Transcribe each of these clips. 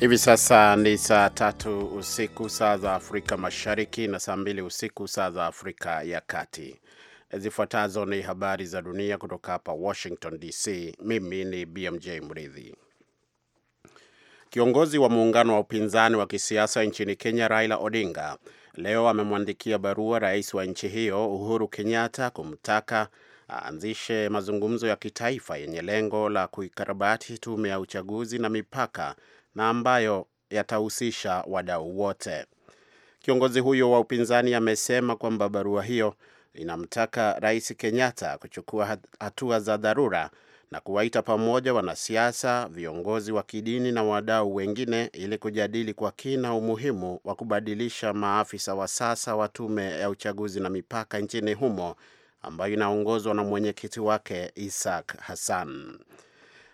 Hivi sasa ni saa tatu usiku saa za Afrika Mashariki na saa mbili usiku saa za Afrika ya Kati. Zifuatazo ni habari za dunia kutoka hapa Washington DC. Mimi ni BMJ Mridhi. Kiongozi wa muungano wa upinzani wa kisiasa nchini Kenya, Raila Odinga, leo amemwandikia barua rais wa nchi hiyo Uhuru Kenyatta kumtaka aanzishe mazungumzo ya kitaifa yenye lengo la kuikarabati tume ya uchaguzi na mipaka na ambayo yatahusisha wadau wote. Kiongozi huyo wa upinzani amesema kwamba barua hiyo inamtaka Rais Kenyatta kuchukua hatua za dharura na kuwaita pamoja wanasiasa, viongozi wa kidini na wadau wengine ili kujadili kwa kina umuhimu wa kubadilisha maafisa wa sasa wa tume ya uchaguzi na mipaka nchini humo ambayo inaongozwa na mwenyekiti wake Isaac Hassan.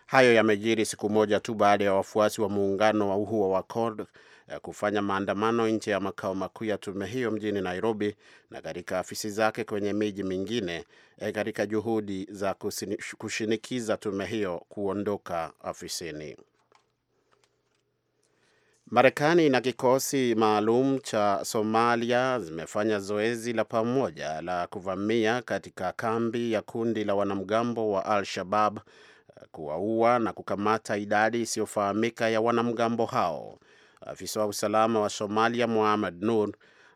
Hayo yamejiri siku moja tu baada ya wafuasi wa muungano wa uhuo wa CORD eh, kufanya maandamano nje ya makao makuu ya tume hiyo mjini Nairobi na katika afisi zake kwenye miji mingine eh, katika juhudi za kushinikiza tume hiyo kuondoka afisini. Marekani na kikosi maalum cha Somalia zimefanya zoezi la pamoja la kuvamia katika kambi ya kundi la wanamgambo wa Al-Shabab kuwaua na kukamata idadi isiyofahamika ya wanamgambo hao. Afisa wa usalama wa Somalia muhamed Nur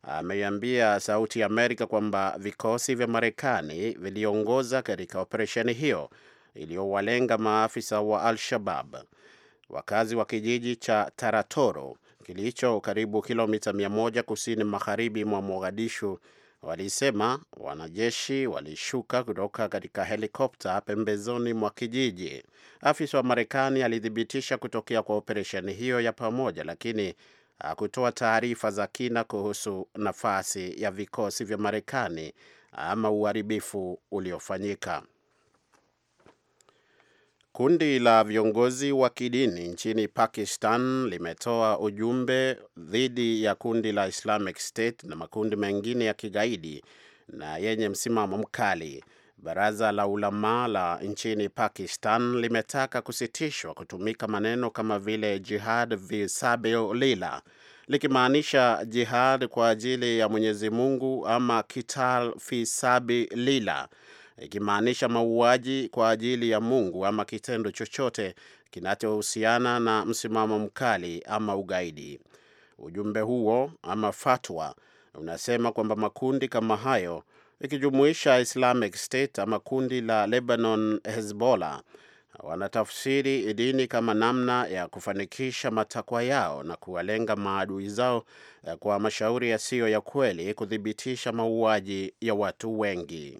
ameiambia Sauti ya Amerika kwamba vikosi vya Marekani viliongoza katika operesheni hiyo iliyowalenga maafisa wa Al-Shabab. Wakazi wa kijiji cha Taratoro kilicho karibu kilomita 100 kusini magharibi mwa Mogadishu walisema wanajeshi walishuka kutoka katika helikopta pembezoni mwa kijiji. Afisa wa Marekani alithibitisha kutokea kwa operesheni hiyo ya pamoja, lakini hakutoa taarifa za kina kuhusu nafasi ya vikosi vya Marekani ama uharibifu uliofanyika. Kundi la viongozi wa kidini nchini Pakistan limetoa ujumbe dhidi ya kundi la Islamic State na makundi mengine ya kigaidi na yenye msimamo mkali. Baraza la Ulama la nchini Pakistan limetaka kusitishwa kutumika maneno kama vile jihad visabilillah, likimaanisha jihad kwa ajili ya Mwenyezi Mungu ama kital fisabilillah ikimaanisha mauaji kwa ajili ya Mungu ama kitendo chochote kinachohusiana na msimamo mkali ama ugaidi. Ujumbe huo ama fatwa unasema kwamba makundi kama hayo ikijumuisha Islamic State ama kundi la Lebanon Hezbollah wanatafsiri dini kama namna ya kufanikisha matakwa yao na kuwalenga maadui zao eh, kwa mashauri yasiyo ya kweli kuthibitisha mauaji ya watu wengi.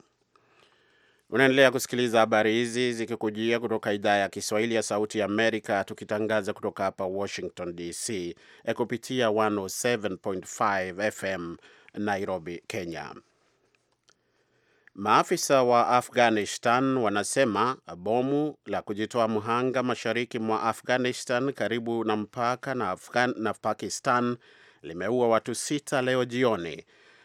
Unaendelea kusikiliza habari hizi zikikujia kutoka idhaa ya Kiswahili ya Sauti ya Amerika, tukitangaza kutoka hapa Washington DC eh, kupitia 107.5 FM Nairobi, Kenya. Maafisa wa Afghanistan wanasema bomu la kujitoa mhanga mashariki mwa Afghanistan karibu na mpaka na, Afgan na Pakistan limeua watu sita leo jioni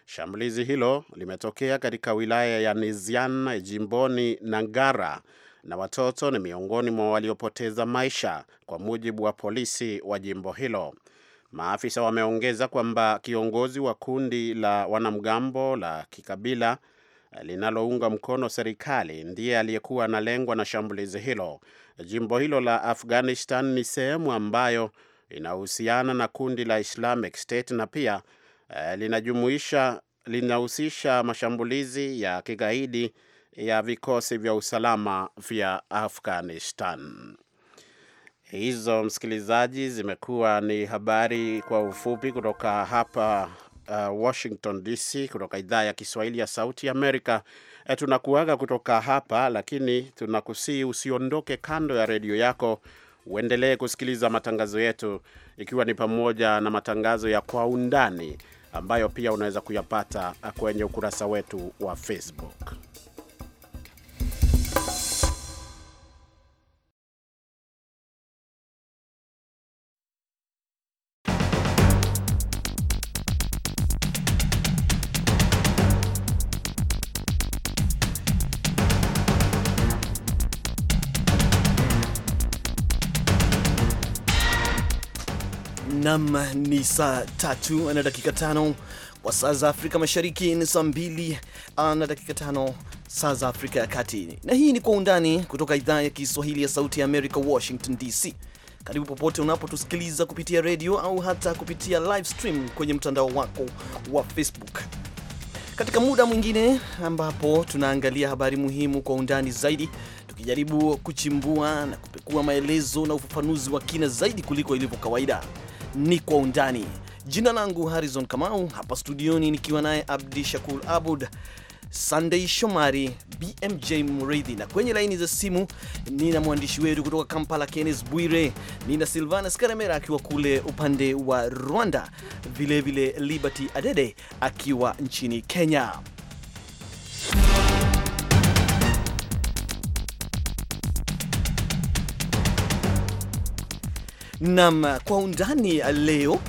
Shambulizi hilo limetokea katika wilaya ya Nizian jimboni Nangara na watoto ni miongoni mwa waliopoteza maisha kwa mujibu wa polisi wa jimbo hilo. Maafisa wameongeza kwamba kiongozi wa kundi la wanamgambo la kikabila linalounga mkono serikali ndiye aliyekuwa analengwa na shambulizi hilo. Jimbo hilo la Afghanistan ni sehemu ambayo inahusiana na kundi la Islamic State na pia eh, linajumuisha linahusisha mashambulizi ya kigaidi ya vikosi vya usalama vya Afghanistan. Hizo msikilizaji, zimekuwa ni habari kwa ufupi kutoka hapa uh, Washington DC, kutoka idhaa ya Kiswahili ya Sauti Amerika. E, tunakuaga kutoka hapa, lakini tunakusii usiondoke kando ya redio yako uendelee kusikiliza matangazo yetu, ikiwa ni pamoja na matangazo ya Kwa Undani ambayo pia unaweza kuyapata kwenye ukurasa wetu wa Facebook. Salaam ni saa tatu na dakika tano kwa saa za Afrika Mashariki, ni saa mbili ah, na dakika tano saa za Afrika ya Kati. Na hii ni Kwa Undani kutoka idhaa ya Kiswahili ya Sauti ya Amerika, Washington DC. Karibu popote unapotusikiliza kupitia redio au hata kupitia live stream kwenye mtandao wako wa Facebook katika muda mwingine ambapo tunaangalia habari muhimu kwa undani zaidi, tukijaribu kuchimbua na kupekua maelezo na ufafanuzi wa kina zaidi kuliko ilivyo kawaida ni kwa undani. Jina langu Harrison Kamau, hapa studioni nikiwa naye Abdi Shakur Abud, Sunday Shomari, BMJ Mridhi, na kwenye laini za simu nina mwandishi wetu kutoka Kampala kennes Bwire, nina Silvana Karemera akiwa kule upande wa Rwanda, vilevile Liberty Adede akiwa nchini Kenya. Nam kwa undani leo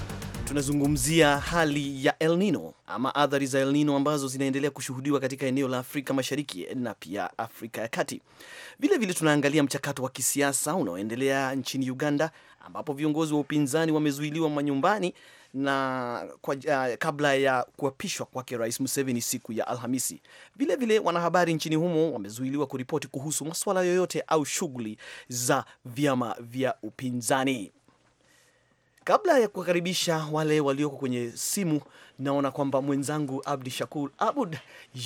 tunazungumzia hali ya El Nino ama athari za El Nino ambazo zinaendelea kushuhudiwa katika eneo la Afrika Mashariki na pia Afrika ya Kati. Vilevile tunaangalia mchakato wa kisiasa unaoendelea nchini Uganda ambapo viongozi wa upinzani wamezuiliwa manyumbani na kwa, uh, kabla ya kuapishwa kwake Rais Museveni siku ya Alhamisi. Vilevile wanahabari nchini humo wamezuiliwa kuripoti kuhusu masuala yoyote au shughuli za vyama vya upinzani. Kabla ya kuwakaribisha wale walioko kwenye simu, naona kwamba mwenzangu Abdi Shakur Abud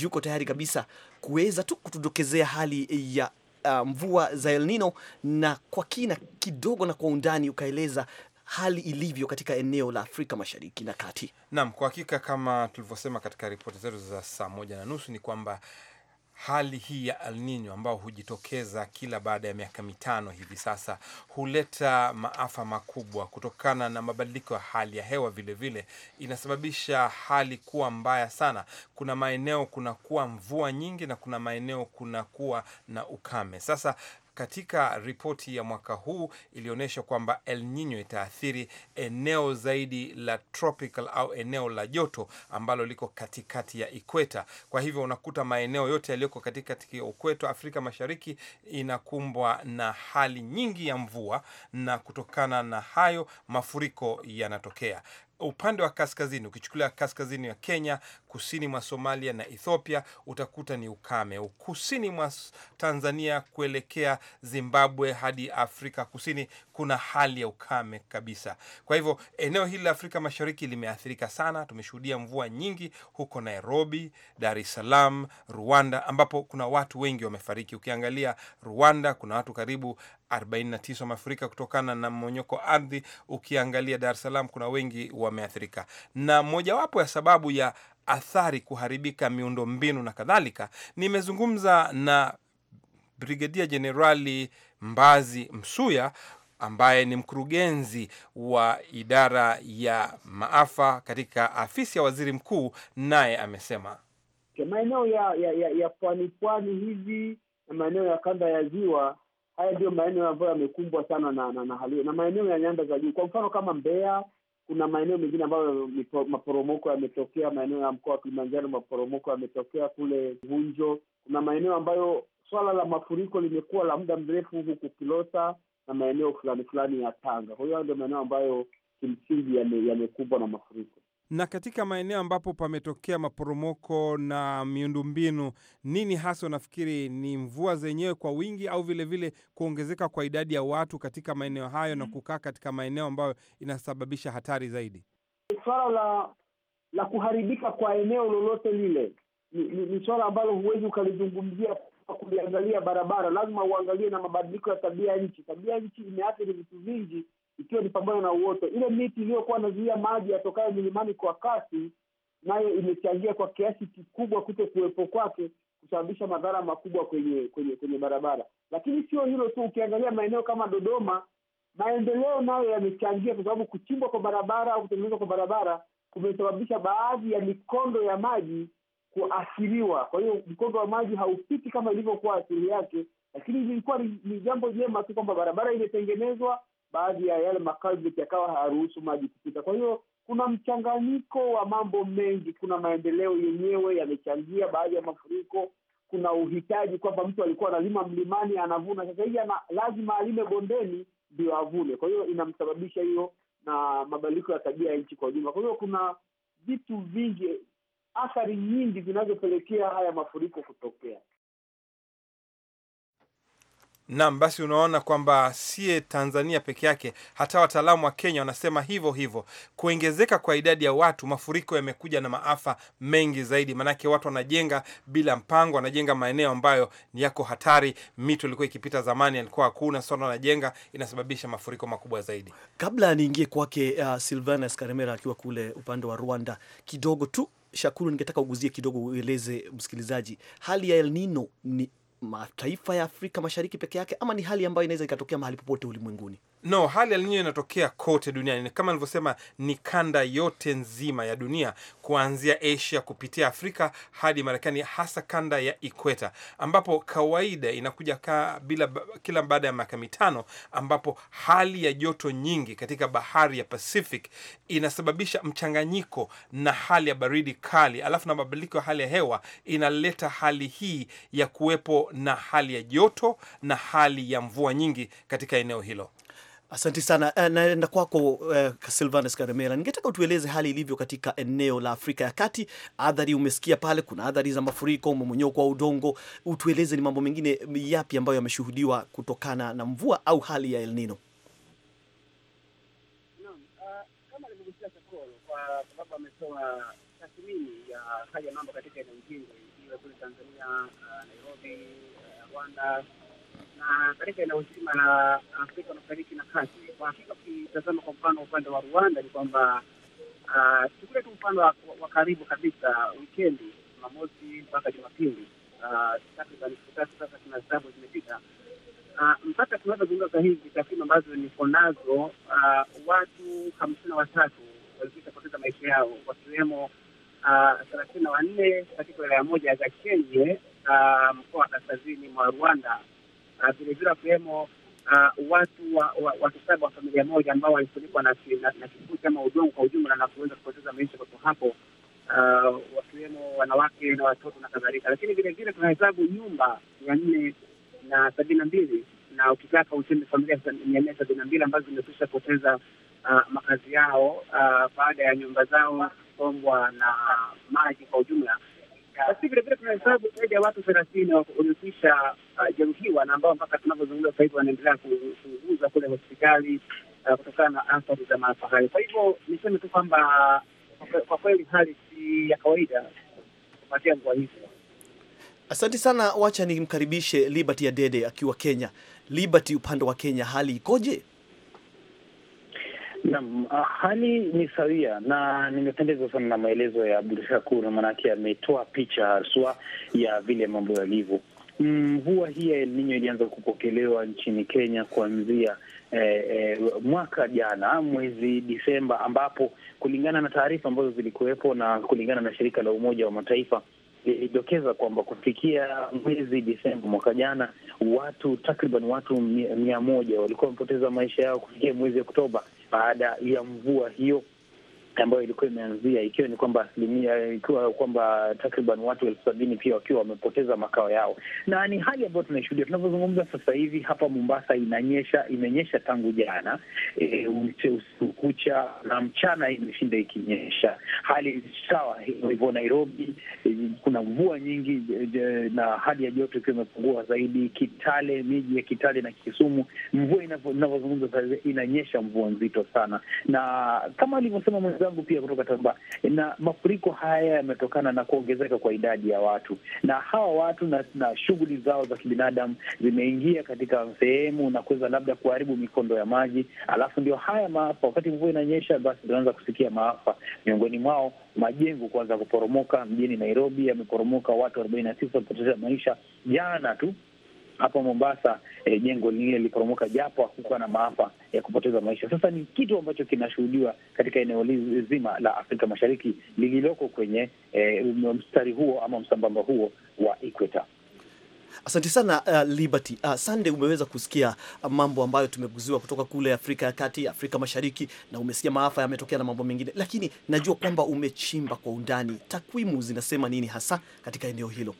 yuko tayari kabisa kuweza tu kutudokezea hali ya uh, mvua um, za El Nino na kwa kina kidogo na kwa undani ukaeleza hali ilivyo katika eneo la Afrika Mashariki na Kati. Naam, kwa hakika kama tulivyosema katika ripoti zetu za saa moja na nusu ni kwamba hali hii ya El Nino ambayo hujitokeza kila baada ya miaka mitano hivi sasa huleta maafa makubwa kutokana na mabadiliko ya hali ya hewa. Vilevile vile, inasababisha hali kuwa mbaya sana. Kuna maeneo kunakuwa mvua nyingi na kuna maeneo kunakuwa na ukame. Sasa katika ripoti ya mwaka huu ilionyesha kwamba El Nino itaathiri eneo zaidi la tropical au eneo la joto ambalo liko katikati ya ikweta. Kwa hivyo unakuta maeneo yote yaliyoko katikati ya ukweto Afrika Mashariki inakumbwa na hali nyingi ya mvua, na kutokana na hayo mafuriko yanatokea upande wa kaskazini, ukichukulia kaskazini ya Kenya, kusini mwa Somalia na Ethiopia, utakuta ni ukame. Kusini mwa Tanzania kuelekea Zimbabwe hadi Afrika Kusini, kuna hali ya ukame kabisa. Kwa hivyo eneo hili la Afrika Mashariki limeathirika sana. Tumeshuhudia mvua nyingi huko Nairobi, Dar es Salaam, Rwanda, ambapo kuna watu wengi wamefariki. Ukiangalia Rwanda, kuna watu karibu 49 wamefurika kutokana na mmonyoko ardhi. Ukiangalia Dar es Salaam kuna wengi wameathirika, na mojawapo ya sababu ya athari kuharibika miundo mbinu na kadhalika. Nimezungumza na Brigedia Jenerali Mbazi Msuya ambaye ni mkurugenzi wa idara ya maafa katika afisi ya waziri mkuu, naye amesema maeneo ya ya, ya, ya pwani pwani hivi na maeneo ya kanda ya ziwa haya ndiyo maeneo ambayo yamekumbwa sana na na, na, hali na maeneo ya nyanda za juu. Kwa mfano kama Mbeya, kuna maeneo mengine ambayo maporomoko yametokea, maeneo ya mkoa wa Kilimanjaro maporomoko yametokea kule Vunjo. Kuna maeneo ambayo swala la mafuriko limekuwa la muda mrefu huku Kilota na maeneo fulani fulani ya Tanga. Kwa hiyo hayo ndio maeneo ambayo kimsingi yamekumbwa na mafuriko. Na katika maeneo ambapo pametokea maporomoko na miundombinu, nini hasa unafikiri ni mvua zenyewe kwa wingi au vilevile vile kuongezeka kwa idadi ya watu katika maeneo hayo na mm. kukaa katika maeneo ambayo inasababisha hatari zaidi? Swala la la kuharibika kwa eneo lolote lile ni, ni, ni swala ambalo huwezi ukalizungumzia kuliangalia barabara, lazima uangalie na mabadiliko ya tabia nchi. Tabia nchi imeathiri vitu vingi ikiwa ni pamoja na uoto. Ile miti iliyokuwa inazuia maji yatokayo milimani kwa kasi, nayo imechangia kwa kiasi kikubwa kuto kuwepo kwake kusababisha madhara makubwa kwenye kwenye kwenye barabara. Lakini sio hilo tu, ukiangalia maeneo kama Dodoma, maendeleo nayo yamechangia, kwa sababu kuchimbwa kwa barabara au kutengenezwa kwa barabara kumesababisha baadhi ya mikondo ya maji kuathiriwa. Kwa hiyo mkondo wa maji haupiti kama ilivyokuwa asili yake, lakini ilikuwa ni jambo jema tu kwamba barabara imetengenezwa, baadhi ya yale makazi yakawa hayaruhusu maji kupita. Kwa hiyo kuna mchanganyiko wa mambo mengi. Kuna maendeleo yenyewe yamechangia baadhi ya mafuriko, kuna uhitaji kwamba mtu alikuwa analima mlimani anavuna, sasa hivi lazima alime bondeni ndio avune. Kwa hiyo inamsababisha hiyo na mabadiliko ya tabia ya nchi kwa ujumla. Kwa hiyo kuna vitu vingi, athari nyingi zinazopelekea haya mafuriko kutokea. Naam, basi unaona kwamba siye Tanzania peke yake, hata wataalamu wa Kenya wanasema hivyo hivyo. Kuongezeka kwa idadi ya watu, mafuriko yamekuja na maafa mengi zaidi, maanake watu wanajenga bila mpango, wanajenga maeneo ambayo ni yako hatari. Mito ilikuwa ikipita zamani, alikuwa hakuna sana, wanajenga, inasababisha mafuriko makubwa zaidi. Kabla niingie kwake, uh, Silvanus Karemera akiwa kule upande wa Rwanda, kidogo tu Shakuru, ningetaka uguzie kidogo, ueleze msikilizaji hali ya El Nino ni mataifa ya Afrika Mashariki peke yake ama ni hali ambayo inaweza ikatokea mahali popote ulimwenguni? No, hali ya El Nino inatokea kote duniani, kama nilivyosema, ni kanda yote nzima ya dunia kuanzia Asia kupitia Afrika hadi Marekani, hasa kanda ya ikweta, ambapo kawaida inakuja ka bila kila baada ya miaka mitano, ambapo hali ya joto nyingi katika bahari ya Pacific inasababisha mchanganyiko na hali ya baridi kali, alafu na mabadiliko ya hali ya hewa inaleta hali hii ya kuwepo na hali ya joto na hali ya mvua nyingi katika eneo hilo. Asante sana. Eh, naenda kwako uh, eh, Silvanus Karemera, ningetaka utueleze hali ilivyo katika eneo la Afrika ya Kati. Adhari umesikia pale, kuna adhari za mafuriko, mmomonyoko wa udongo. Utueleze ni mambo mengine yapi ambayo yameshuhudiwa kutokana na mvua au hali ya El Nino? uh, hali ya mambo katika eneo iwe kule Tanzania, uh, Nairobi, uh, Rwanda na katika eneo zima la Afrika Mashariki na Kati. Kwa hakika, ukitazama kwa mfano upande wa Rwanda ni kwamba ah, tukulie tu mfano wa karibu kabisa, wikendi Jumamosi mpaka Jumapili, ah, takriban siku tatu sasa tuna sabu zimepita ah, mpaka tunavyozungumza hivi, takwimu ambazo niko nazo, watu hamsini na watatu poteza maisha yao wakiwemo thelathini na wanne katika wilaya moja ya Gakenke, mkoa wa kaskazini mwa Rwanda vilevile ah, wakiwemo uh, watu wa, wa, watu saba wa familia moja ambao walifunikwa na, na, na kifusi ama udongo kwa ujumla na kuweza kupoteza maisha papo hapo, uh, wakiwemo wanawake na watoto na kadhalika. Lakini vilevile tunahesabu nyumba mia nne na sabini na mbili na ukitaka useme familia mia nne sabini na mbili ambazo zimekwisha poteza uh, makazi yao uh, baada ya nyumba zao kusombwa na maji kwa ujumla lakini vilevile hesabu zaidi ya watu thelathini wamekwisha uh, jeruhiwa na ambao mpaka tunavyozungumza sasa hivi wanaendelea kuuguza kule hospitali uh, kutokana na athari za maafa hayo. Kwa hivyo niseme tu kwamba kwa kweli hali si ya kawaida kupatia mvua hizo. Asante sana, wacha nimkaribishe Liberty Adede akiwa Kenya. Liberty, upande wa Kenya hali ikoje? Naam, ah, hali ni sawia na nimependezwa sana na maelezo ya Abdul Shakur, maanake ametoa picha haswa ya vile mambo yalivyo. Mvua mm, hii ya El Nino ilianza kupokelewa nchini Kenya kuanzia eh, eh, mwaka jana mwezi Disemba, ambapo kulingana na taarifa ambazo zilikuwepo na kulingana na shirika la Umoja wa Mataifa ilidokeza kwamba kufikia mwezi Disemba mwaka jana watu takriban watu mia moja walikuwa wamepoteza maisha yao kufikia mwezi Oktoba baada ya mvua hiyo ambayo ilikuwa imeanzia ikiwa ni kwamba asilimia ikiwa kwamba takriban watu elfu sabini pia wakiwa wamepoteza makao yao, na ni hali ambayo tunaishuhudia tunavyozungumza sasa hivi. Hapa Mombasa inanyesha, imenyesha tangu jana e, usiku kucha na mchana imeshinda ikinyesha, hali sawa hivyo Nairobi e, kuna mvua nyingi e, e, na hali ya joto ikiwa imepungua zaidi. Kitale, miji ya Kitale na Kisumu, mvua inavyozungumza sasa inanyesha mvua nzito sana, na kama alivyosema zangu pia kutoka Tamba. Na mafuriko haya yametokana na kuongezeka kwa idadi ya watu, na hawa watu na, na shughuli zao za kibinadamu zimeingia katika sehemu na kuweza labda kuharibu mikondo ya maji, alafu ndio haya maafa. Wakati mvua inanyesha, basi tunaanza kusikia maafa, miongoni mwao majengo kuanza kuporomoka. Mjini Nairobi yameporomoka, watu arobaini na tisa wamepoteza maisha jana tu. Hapa Mombasa eh, jengo lingine liliporomoka japo hakukuwa na maafa, ya kupoteza maisha. Sasa ni kitu ambacho kinashuhudiwa katika eneo zima la Afrika Mashariki lililoko kwenye eh, mstari huo ama msambamba huo wa ikweta. Asante sana uh, Liberty uh, Sande, umeweza kusikia mambo ambayo tumeguziwa kutoka kule Afrika ya Kati, Afrika Mashariki, na umesikia maafa yametokea na mambo mengine, lakini najua kwamba umechimba kwa undani. Takwimu zinasema nini hasa katika eneo hilo?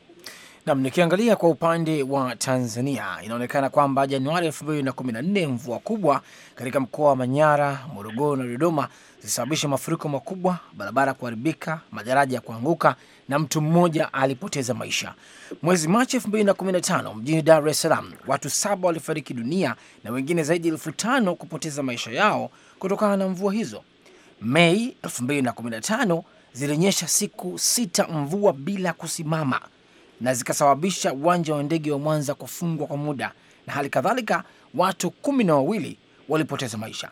Nam, nikiangalia kwa upande wa Tanzania inaonekana kwamba Januari 2014 mvua kubwa katika mkoa wa Manyara, Morogoro na Dodoma zilisababisha mafuriko makubwa, barabara kuharibika, madaraja ya kuanguka na mtu mmoja alipoteza maisha. Mwezi Machi 2015 mjini Dar es Salaam watu saba walifariki dunia na wengine zaidi ya elfu tano kupoteza maisha yao kutokana na mvua hizo. Mei 2015 zilionyesha siku sita mvua bila kusimama na zikasababisha uwanja wa ndege wa Mwanza kufungwa kwa muda, na hali kadhalika watu kumi na wawili walipoteza maisha.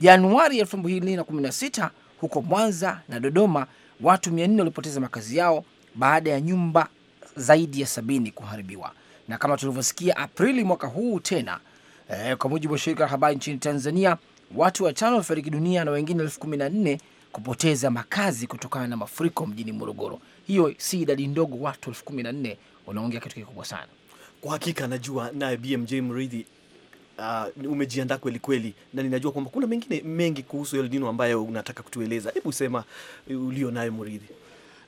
Januari 2016 huko Mwanza na Dodoma watu 400 walipoteza makazi yao baada ya nyumba zaidi ya sabini kuharibiwa. Na kama tulivyosikia, Aprili mwaka huu tena eh, kwa mujibu wa shirika la habari nchini Tanzania watu watano walifariki dunia na wengine elfu kumi na nne kupoteza makazi kutokana na mafuriko mjini Morogoro hiyo si idadi ndogo, watu elfu kumi na nne wanaongea kitu kikubwa sana kwa hakika. Najua naye BMJ Mridhi Uh, umejiandaa kweli kweli, na ninajua kwamba kuna mengine mengi kuhusu El Nino ambayo unataka kutueleza. Hebu sema uh, ulio nayo mridhi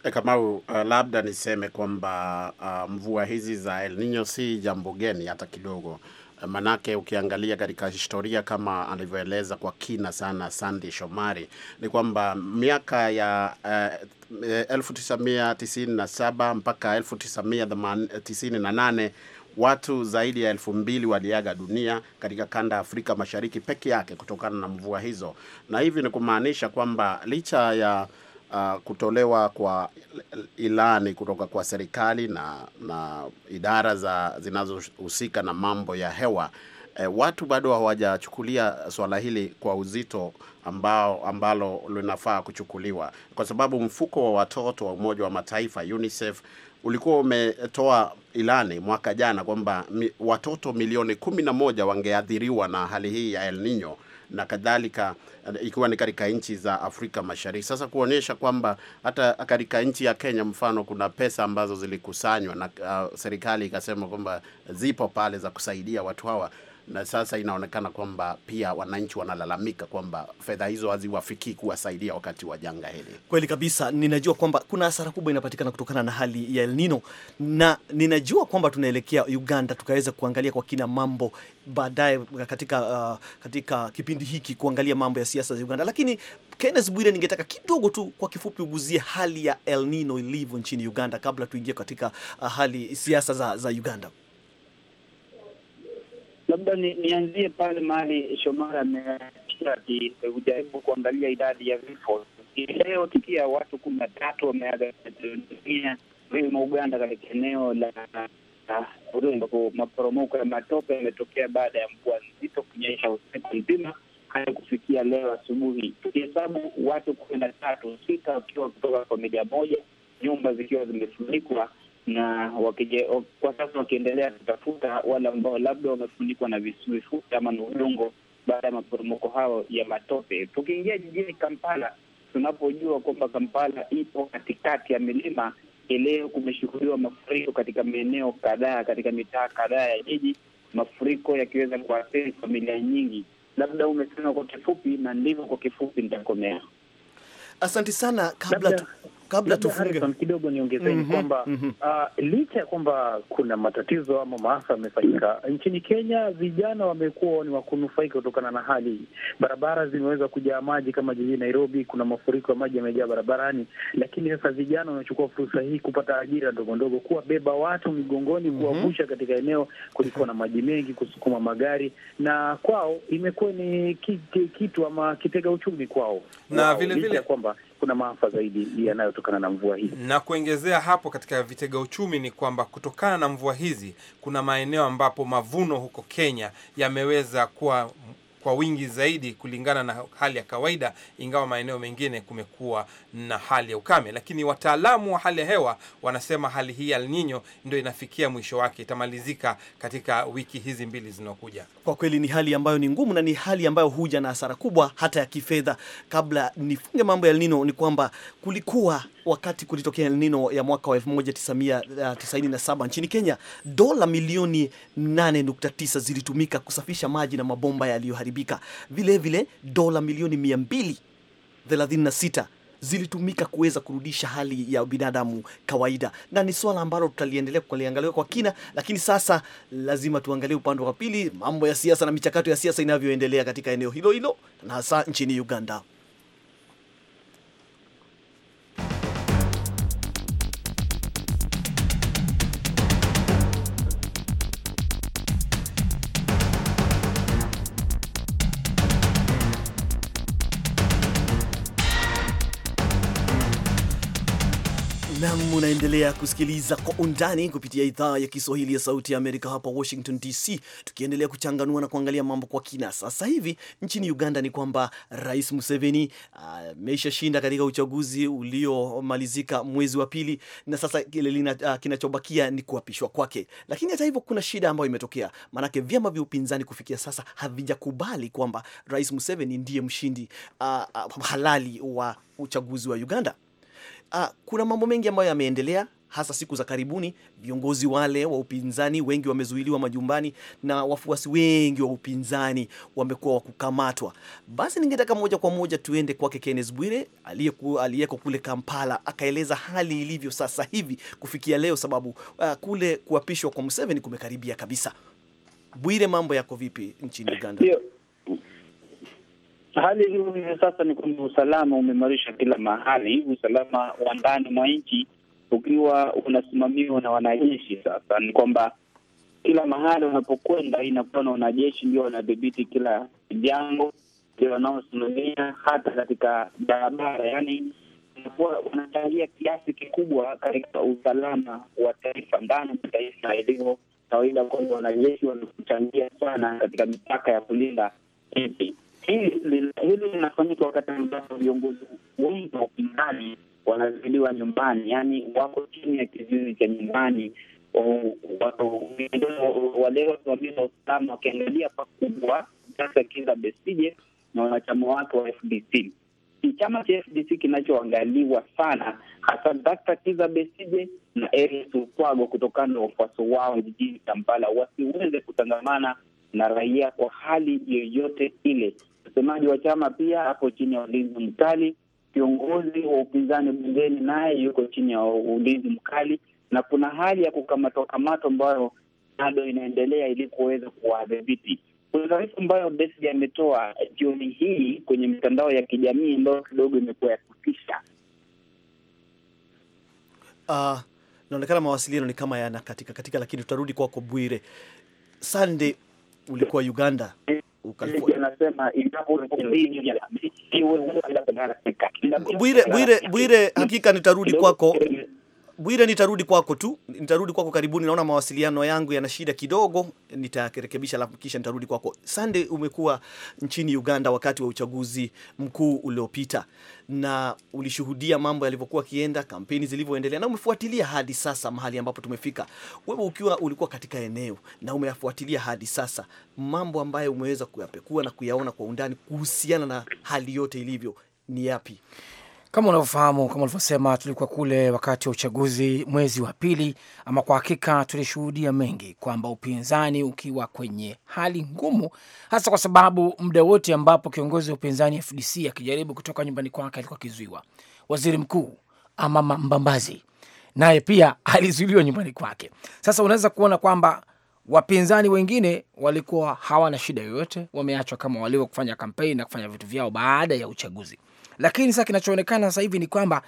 E, Kamau, uh, labda niseme kwamba uh, mvua hizi za El Nino si jambo geni hata kidogo, eh, manake ukiangalia katika historia kama alivyoeleza kwa kina sana Sandy Shomari ni kwamba miaka ya uh, 1997 eh, mpaka 1998 watu zaidi ya elfu mbili waliaga dunia katika kanda ya Afrika Mashariki peke yake kutokana na mvua hizo, na hivi ni kumaanisha kwamba licha ya uh, kutolewa kwa ilani kutoka kwa serikali na, na idara za zinazohusika na mambo ya hewa eh, watu bado hawajachukulia swala hili kwa uzito ambao ambalo linafaa kuchukuliwa, kwa sababu mfuko wa watoto wa Umoja wa Mataifa UNICEF ulikuwa umetoa ilani mwaka jana kwamba mi, watoto milioni kumi na moja wangeathiriwa na hali hii ya El Nino na kadhalika eh, ikiwa ni katika nchi za Afrika Mashariki. Sasa kuonyesha kwamba hata katika nchi ya Kenya mfano, kuna pesa ambazo zilikusanywa na uh, serikali ikasema kwamba zipo pale za kusaidia watu hawa, na sasa inaonekana kwamba pia wananchi wanalalamika kwamba fedha hizo haziwafikii kuwasaidia wakati wa janga hili. Kweli kabisa, ninajua kwamba kuna hasara kubwa inapatikana kutokana na hali ya El Nino, na ninajua kwamba tunaelekea Uganda, tukaweza kuangalia kwa kina mambo baadaye katika, uh, katika kipindi hiki kuangalia mambo ya siasa za Uganda, lakini Kenneth Bwire, ningetaka kidogo tu kwa kifupi uguzie hali ya El Nino ilivyo nchini Uganda kabla tuingie katika uh, hali siasa za, za Uganda labda nianzie pale mahali Shomara akijaribu kuangalia idadi ya vifo leo, tukia watu kumi na tatu wameaga dunia vilima Uganda, katika eneo la ambapo maporomoko ya matope yametokea baada ya mvua nzito kunyesha usiku mzima hadi kufikia leo asubuhi. Tukihesabu watu kumi na tatu, sita wakiwa kutoka familia moja, nyumba zikiwa zimefunikwa na wakije, kwa sasa wakiendelea kutafuta wale ambao labda wamefunikwa na vifusi ama na udongo baada ya maporomoko hao ya matope. Tukiingia jijini Kampala, tunapojua kwamba Kampala ipo katikati ya milima, leo kumeshuhudiwa mafuriko katika maeneo kadhaa, katika mitaa kadhaa ya jiji, mafuriko yakiweza kuathiri familia nyingi. Labda umesema kwa kifupi, na ndivyo kwa kifupi nitakomea. Asante sana kabla labda kabla tufunge kidogo niongezeni mm -hmm, kwamba mm -hmm. uh, licha ya kwamba kuna matatizo ama maafa yamefanyika nchini Kenya, vijana wamekuwa ni wakunufaika kutokana na hali hii. Barabara zimeweza kujaa maji kama jijini Nairobi, kuna mafuriko ya maji yamejaa barabarani, lakini sasa vijana wanachukua fursa hii kupata ajira ndogo ndogo, kuwabeba watu migongoni, mhm. kuwavusha mm -hmm. katika eneo kulikuwa na maji mengi, kusukuma magari, na kwao imekuwa ni kitu ama kitega uchumi kwao na vile vile kwamba kuna maafa zaidi yanayotokana na mvua hizi. Na kuongezea hapo katika vitega uchumi ni kwamba kutokana na mvua hizi kuna maeneo ambapo mavuno huko Kenya yameweza kuwa kwa wingi zaidi kulingana na hali ya kawaida, ingawa maeneo mengine kumekuwa na hali ya ukame. Lakini wataalamu wa hali ya hewa wanasema hali hii ya El Nino ndio inafikia mwisho wake, itamalizika katika wiki hizi mbili zinaokuja. Kwa kweli ni hali ambayo ni ngumu na ni hali ambayo huja na hasara kubwa hata ya kifedha. Kabla nifunge mambo ya El Nino, ni kwamba kulikuwa wakati kulitokea El Nino ya mwaka wa 1997 uh, nchini Kenya, dola milioni 8.9 zilitumika kusafisha maji na mabomba yaliyoharibika. Vilevile dola milioni 236 zilitumika kuweza kurudisha hali ya binadamu kawaida, na ni swala ambalo tutaliendelea kuliangalia kwa kina, lakini sasa lazima tuangalie upande wa pili, mambo ya siasa na michakato ya siasa inavyoendelea katika eneo hilo hilo na hasa nchini Uganda. Unaendelea kusikiliza kwa undani kupitia idhaa ya Kiswahili ya Sauti ya Amerika hapa Washington DC, tukiendelea kuchanganua na kuangalia mambo kwa kina. Sasa hivi nchini Uganda ni kwamba Rais Museveni ah, ameisha uh, shinda katika uchaguzi uliomalizika mwezi wa pili, na sasa kile uh, kinachobakia ni kuapishwa kwake. Lakini hata hivyo kuna shida ambayo imetokea, maanake vyama vya upinzani kufikia sasa havijakubali kwamba Rais Museveni ndiye mshindi uh, uh, halali wa uchaguzi wa Uganda. Uh, kuna mambo mengi ambayo yameendelea hasa siku za karibuni. Viongozi wale wa upinzani wengi wamezuiliwa majumbani na wafuasi wengi wa upinzani wamekuwa wakukamatwa. Basi ningetaka moja kwa moja tuende kwake Kenneth Bwire aliyeko kule Kampala, akaeleza hali ilivyo sasa hivi kufikia leo, sababu uh, kule kuapishwa kwa Museveni kumekaribia kabisa. Bwire, mambo yako vipi nchini Uganda? Hali ilivyo hivi sasa ni kwamba usalama umeimarisha kila mahali, usalama wa ndani mwa nchi ukiwa unasimamiwa na wanajeshi. Sasa ni kwamba kila mahali unapokwenda inakuwa na wanajeshi ndio wanadhibiti kila jango, ndio wanaosimamia hata katika barabara, yaani inakuwa wanachangia kiasi kikubwa katika usalama wa taifa ndani ya taifa, ilivyo kawaida kwamba wanajeshi wanakuchangia sana katika mipaka ya kulinda nchi. Hili linafanyika wakati ambapo viongozi wengi wa upinzani wanazuiliwa nyumbani, yaani wako chini ya kizuizi cha nyumbani, wale wasimamizi wa usalama wakiangalia pakubwa sasa Kizza Besigye na wanachama wake wa FDC. Ni chama cha FDC kinachoangaliwa sana, hasa dakta Kizza Besigye na Eric Lukwago kutokana na wafuasi wao jijini Kampala wasiweze kutangamana na raia kwa hali yoyote ile. Msemaji wa chama pia hapo chini ya ulinzi mkali. Kiongozi wa upinzani bungeni naye yuko chini ya ulinzi mkali, na kuna hali ya kukamatwa kamatwa ambayo bado inaendelea ili kuweza kuwadhibiti. Kuna taarifa ambayo Besi ametoa eh, jioni hii kwenye mitandao ya kijamii ambayo kidogo imekuwa ya kutisha. Uh, inaonekana mawasiliano ni kama yana katika katika, lakini tutarudi kwako Bwire. Sande, ulikuwa Uganda. Bwire, Bwire, Bwire, hakika nitarudi kwako Bwire, nitarudi kwako tu, nitarudi kwako karibuni. Naona mawasiliano yangu yana shida kidogo, nitarekebisha alafu kisha nitarudi kwako. Sande, umekuwa nchini Uganda wakati wa uchaguzi mkuu uliopita na ulishuhudia mambo yalivyokuwa kienda, kampeni zilivyoendelea, na umefuatilia hadi sasa mahali ambapo tumefika. Wewe ukiwa ulikuwa katika eneo na umeyafuatilia hadi sasa, mambo ambayo umeweza kuyapekua na kuyaona kwa undani kuhusiana na hali yote ilivyo, ni yapi? Kama unavyofahamu, kama ulivyosema, tulikuwa kule wakati wa uchaguzi mwezi wa pili, ama kwa hakika tulishuhudia mengi kwamba upinzani ukiwa kwenye hali ngumu, hasa kwa sababu muda wote ambapo kiongozi wa upinzani FDC akijaribu kutoka nyumbani kwake alikuwa akizuiwa. Waziri Mkuu ama Mbambazi naye pia alizuiliwa nyumbani kwake. Sasa unaweza kuona kwamba wapinzani wengine walikuwa hawana shida yoyote, wameachwa kama walivyo kufanya kampeni na kufanya vitu vyao baada ya uchaguzi. Lakini sasa kinachoonekana sasa hivi ni kwamba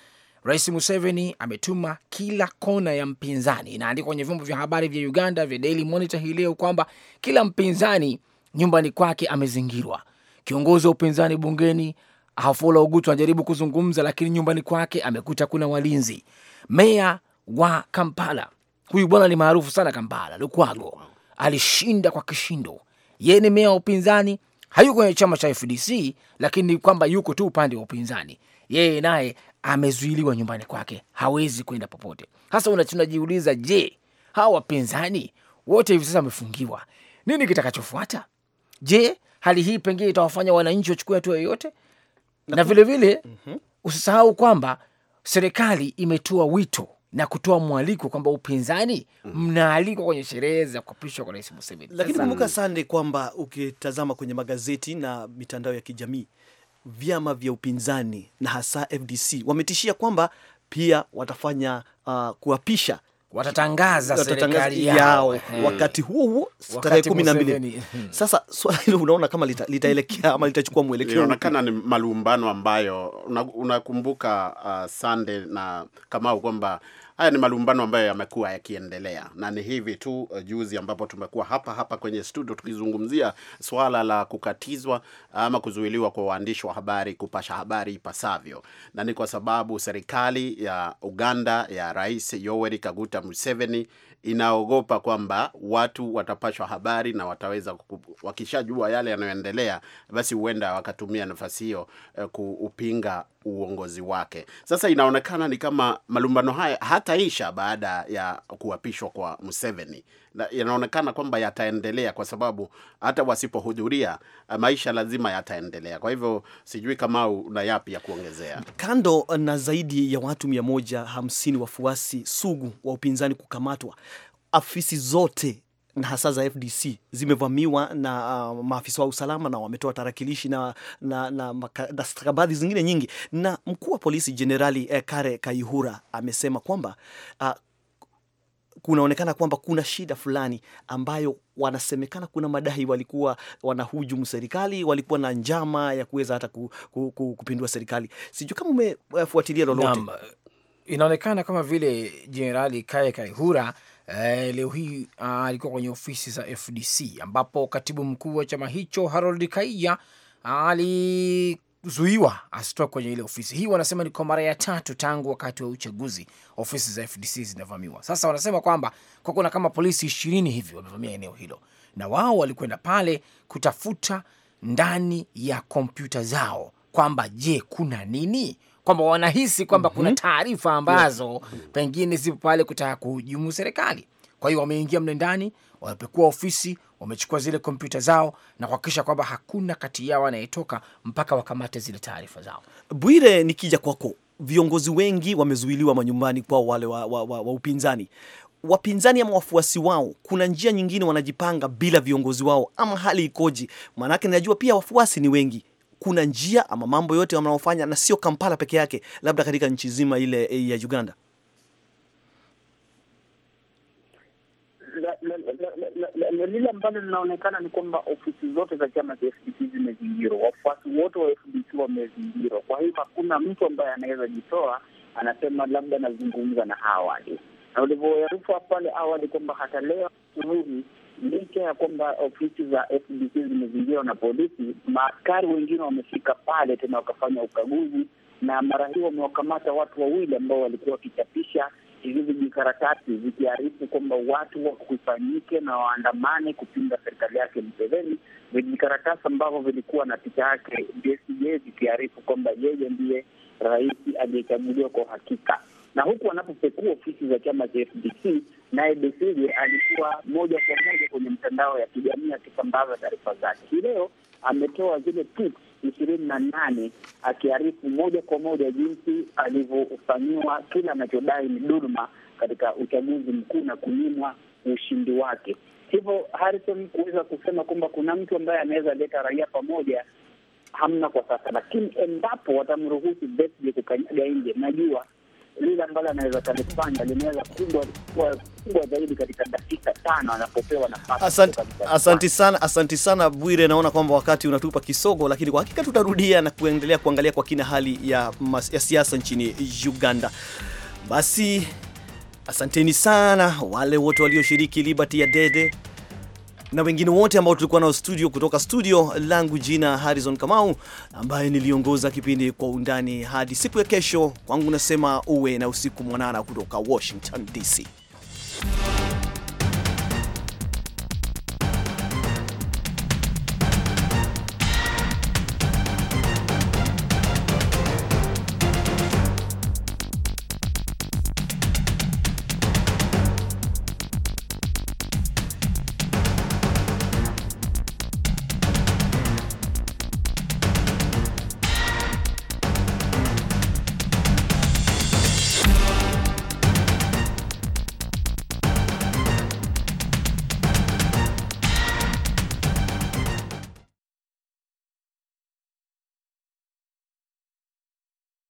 Rais Museveni ametuma kila kona ya mpinzani, inaandikwa kwenye vyombo vya habari vya Uganda vya Daily Monitor hii leo kwamba kila mpinzani nyumbani kwake amezingirwa. Kiongozi wa upinzani bungeni Hafola Ugutu anajaribu kuzungumza, lakini nyumbani kwake amekuta kuna walinzi. Meya wa Kampala, huyu bwana ni maarufu sana Kampala, Lukwago alishinda kwa kishindo. Yeye ni meya wa upinzani, hayuko kwenye chama cha FDC, lakini kwamba yuko tu upande wa upinzani. Yeye naye amezuiliwa nyumbani kwake, hawezi kwenda popote. Hasa unajiuliza, je, hawa wapinzani wote hivi sasa wamefungiwa, nini kitakachofuata? Je, hali hii pengine itawafanya wananchi wachukue hatua yoyote? Na vilevile vile, mm -hmm. usisahau kwamba serikali imetoa wito na kutoa mwaliko kwamba upinzani mm. mnaalikwa kwenye sherehe za kuapishwa kwa Rais Museveni. Lakini kumbuka Sande kwamba ukitazama kwenye magazeti na mitandao ya kijamii, vyama vya upinzani na hasa FDC wametishia kwamba pia watafanya uh, kuapisha watatangaza serikali yao, yao. Wakati huo huo tarehe kumi na mbili. Sasa swala hilo unaona kama litaelekea ama litachukua mwelekeo, inaonekana ni malumbano ambayo unakumbuka una uh, Sande na Kamau kwamba Haya ni malumbano ambayo yamekuwa yakiendelea, na ni hivi tu eh, juzi ambapo tumekuwa hapa hapa kwenye studio tukizungumzia swala la kukatizwa ama kuzuiliwa kwa waandishi wa habari kupasha habari ipasavyo, na ni kwa sababu serikali ya Uganda ya Rais Yoweri Kaguta Museveni inaogopa kwamba watu watapashwa habari na wataweza wakishajua yale yanayoendelea, basi huenda wakatumia nafasi hiyo eh, kuupinga uongozi wake. Sasa inaonekana ni kama malumbano haya hataisha baada ya kuapishwa kwa Museveni, na yanaonekana kwamba yataendelea, kwa sababu hata wasipohudhuria eh, maisha lazima yataendelea. Kwa hivyo sijui kama una yapi ya kuongezea. Kando na zaidi ya watu 150 wafuasi sugu wa upinzani kukamatwa, afisi zote na hasa za FDC zimevamiwa na uh, maafisa wa usalama na wametoa tarakilishi na, na, na, na, na stakabadhi zingine nyingi. Na mkuu wa polisi Jenerali eh, Kare Kaihura amesema kwamba uh, kunaonekana kwamba kuna shida fulani ambayo wanasemekana kuna madai walikuwa wanahujumu serikali, walikuwa na njama ya kuweza hata ku, ku, ku, kupindua serikali. Sijui kama umefuatilia lolote. Inaonekana kama vile Jenerali Kae Kaihura eh, leo hii ah, alikuwa ah, kwenye ofisi za FDC ambapo katibu mkuu wa chama hicho Harold Kaija ali zuiwa asitoke kwenye ile ofisi hii. Wanasema ni kwa mara ya tatu tangu wakati wa uchaguzi ofisi za FDC zinavamiwa. Sasa wanasema kwamba kwa kuna kama polisi ishirini hivi wamevamia eneo hilo, na wao walikwenda pale kutafuta ndani ya kompyuta zao kwamba je, kuna nini kwamba wanahisi kwamba mm -hmm. kuna mhm. taarifa ambazo yeah. pengine zipo pale kutaka kuhujumu serikali. Kwa hiyo wameingia mle ndani, wamepekua ofisi, wamechukua zile kompyuta zao na kuhakikisha kwamba hakuna kati yao anayetoka mpaka wakamate zile taarifa zao. Bwire, nikija kwako, viongozi wengi wamezuiliwa manyumbani kwao, wale wa, wa, wa, wa upinzani wapinzani ama wafuasi wao, kuna njia nyingine wanajipanga bila viongozi wao, ama hali ikoje? Maanake najua pia wafuasi ni wengi kuna njia ama mambo yote wanaofanya, na sio Kampala peke yake, labda katika nchi zima ile eh, ya Uganda? Lile ambalo linaonekana ni kwamba ofisi zote za chama cha FDC zimezingirwa, wafuasi wote wa FDC wamezingirwa. Kwa hiyo hakuna mtu ambaye anaweza jitoa anasema labda anazungumza na hawa, na ulivyoarifu pale awali kwamba hata leo asubuhi licha ya kwamba ofisi za FBC zimezingirwa na polisi, maaskari wengine wamefika pale tena wakafanya ukaguzi, na mara hii wamewakamata watu wawili ambao walikuwa wakichapisha hizi vijikaratasi zikiarifu kwamba watu wakufanyike na waandamane kupinga serikali yake Mseveni, vijikaratasi ambavyo vilikuwa na picha yake Besigye vikiarifu kwamba yeye ndiye rais aliyechaguliwa kwa uhakika na huku anapopekua ofisi za chama cha FDC, naye Besigye alikuwa moja kwa moja kwenye mtandao ya kijamii akisambaza taarifa zake. Hii leo ametoa zile ishirini na nane akiarifu moja kwa moja jinsi alivyofanyiwa kila anachodai ni dhuluma katika uchaguzi mkuu na kunyimwa ushindi wake. Hivyo Harrison, kuweza kusema kwamba kuna mtu ambaye anaweza leta raia pamoja hamna kwa sasa, lakini endapo watamruhusu Besigye kukanyaga nje, najua lile ambalo anaweza kalifanya linaweza kubwa kubwa zaidi katika dakika tano anapopewa nafasi. Asanti asante sana, asanti sana Bwire. Naona kwamba wakati unatupa kisogo, lakini kwa hakika tutarudia na kuendelea kuangalia kwa kina hali ya, ya siasa nchini Uganda. Basi asanteni sana wale wote walioshiriki Liberty ya Dede na wengine wote ambao tulikuwa nao studio. Kutoka studio langu jina Harrison Kamau, ambaye niliongoza kipindi kwa undani hadi siku ya kesho. Kwangu nasema uwe na usiku mwanana kutoka Washington DC.